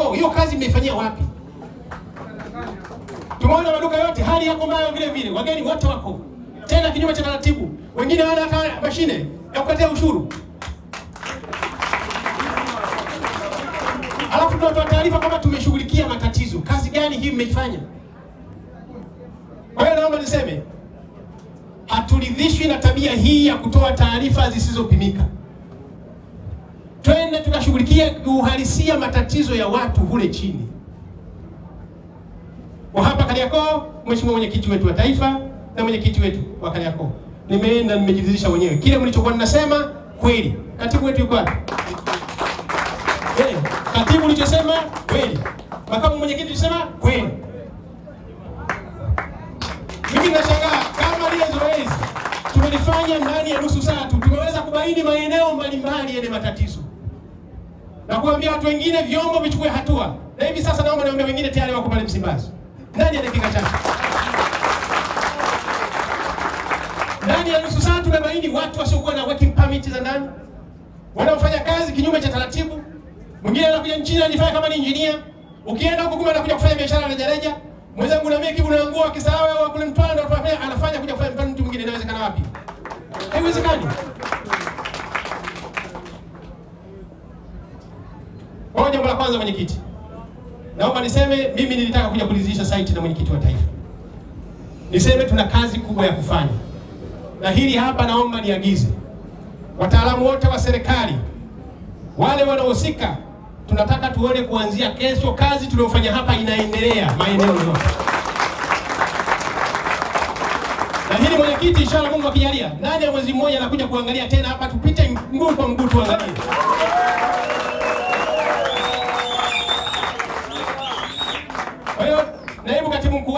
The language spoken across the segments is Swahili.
yako hiyo kazi mmeifanyia wapi? Tumeona maduka yote hali yako mbaya vile vile, wageni wote wako tena kinyume cha taratibu, wengine hawana hata mashine ya kukatia ushuru. Alafu tunatoa taarifa kama tumeshughulikia matatizo. Kazi gani hii mmeifanya? Kwa hiyo naomba niseme haturidhishwi na tabia hii ya kutoa taarifa zisizopimika twende tukashughulikia uhalisia matatizo ya watu kule chini. Kwa hapa Kariakoo, Mheshimiwa mwenyekiti wetu wa taifa na mwenyekiti wetu wa Kariakoo, nimeenda nimejiridhisha wenyewe kile mlichokuwa ninasema kweli. Katibu wetu yuko wapi? Hey, katibu ulichosema kweli, makamu mwenyekiti ulisema kweli. Mimi nashangaa na kuambia watu wengine vyombo vichukue hatua, na hivi sasa naomba niombe wengine tayari wako pale Msimbazi ndani ya dakika chache, ndani ya nusu saa tumebaini watu wasiokuwa na working permit za ndani, wanaofanya kazi kinyume cha taratibu. Mwingine anakuja nchini anajifanya kama ni injinia, ukienda huko kumbe anakuja kufanya biashara rejareja. Mwenzangu na mimi kibunaangua au kule Mtwara, anafanya kuja kufanya mtu mwingine, inawezekana wapi? Haiwezekani. la kwanza, mwenyekiti, naomba niseme mimi nilitaka kuja kuridhisha site na mwenyekiti wa taifa. Niseme tuna kazi kubwa ya kufanya, na hili hapa naomba niagize wataalamu wote wa serikali wale wanaohusika, tunataka tuone kuanzia kesho kazi tuliyofanya hapa inaendelea maeneo yote. Na hili mwenyekiti, inshallah Mungu akijalia, ndani ya mwezi mmoja anakuja kuangalia tena hapa, tupite mguu kwa mguu tuangalie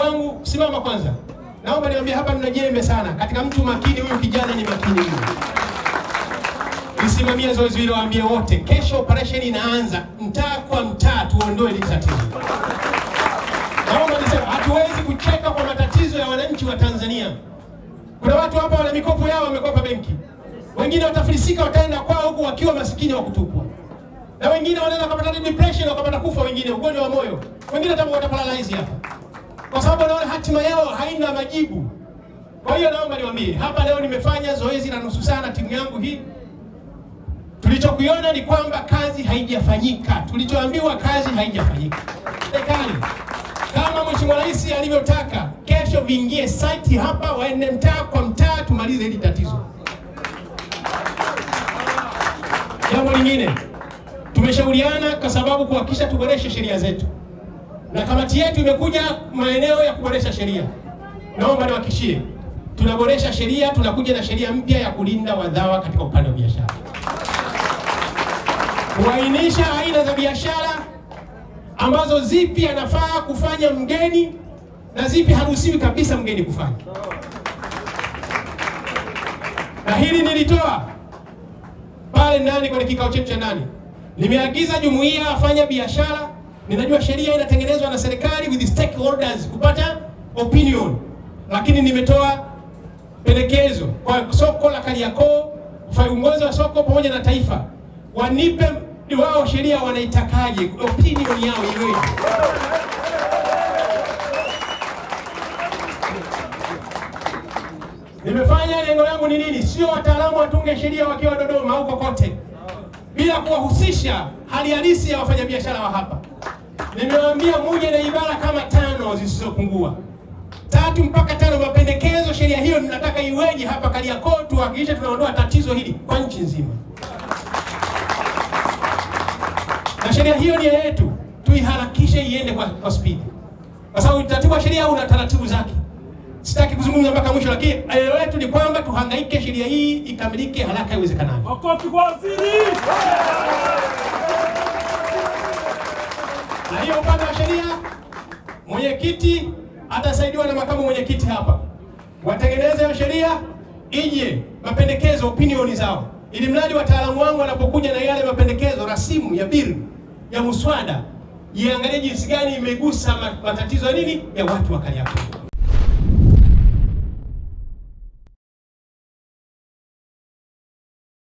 wangu, simama kwanza. Naomba niwaambie hapa nina jembe sana katika mtu makini huyu, kijana ni makini huyu. Nisimamie zoezi hilo, waambie wote, kesho operation inaanza, mtaa kwa mtaa tuondoe hili tatizo. Naomba niseme hatuwezi kucheka kwa matatizo ya wananchi wa Tanzania. Kuna watu hapa wana mikopo yao wamekopa benki, wengine watafilisika, wataenda kwao huku wakiwa masikini wa kutupwa, na wengine wanaweza wakapata depression, wakapata kufa, wengine ugonjwa wa moyo, wengine hata wataparalyze hapa kwa sababu naona hatima yao haina majibu. Kwa hiyo naomba niwaambie hapa leo, nimefanya zoezi la nusu saa na timu yangu hii. tulichokuona ni kwamba kazi haijafanyika, tulichoambiwa kazi haijafanyika. Serikali kama Mheshimiwa Rais alivyotaka, kesho viingie site hapa, waende mtaa kwa mtaa, tumalize hili tatizo. Jambo lingine tumeshauriana, kwa sababu kuhakikisha tuboreshe sheria zetu na kamati yetu imekuja maeneo ya kuboresha sheria. Naomba niwahakikishie, tunaboresha sheria, tunakuja na sheria mpya ya kulinda wadhawa katika upande wa biashara, kuainisha aina za biashara ambazo zipi anafaa kufanya mgeni na zipi haruhusiwi kabisa mgeni kufanya. Na hili nilitoa pale ndani kwenye kikao chetu cha ndani, nimeagiza jumuiya afanya biashara Ninajua sheria inatengenezwa na serikali with stakeholders kupata opinion, lakini nimetoa pendekezo kwa soko la Kariakoo, uongozi wa soko pamoja na taifa wanipe wao sheria wanaitakaje, opinion yao iwe Nimefanya lengo langu ni nini? Sio wataalamu watunge sheria wakiwa Dodoma au kokote, bila kuwahusisha hali halisi ya wafanyabiashara wa hapa. Nimewaambia muje na ibara kama tano zisizopungua tatu mpaka tano, mapendekezo sheria hiyo tunataka iweje hapa Kariakoo, tuhakikishe tunaondoa tatizo hili kwa nchi nzima, na sheria hiyo ni yetu, tuiharakishe iende kwa, kwa spidi, kwa sababu utaratibu wa sheria una taratibu zake. Sitaki kuzungumza mpaka mwisho, lakini ayo yetu ni kwamba tuhangaike sheria hii ikamilike haraka iwezekanavyo. Makofi kwa waziri. sheria, mwenyekiti atasaidiwa na makamu mwenyekiti hapa, watengeneze sheria ije mapendekezo, opinioni zao, ili mradi wataalamu wangu wanapokuja na yale mapendekezo rasimu ya bili ya muswada iangalie jinsi gani imegusa matatizo ya nini ya watu wa Kariakoo.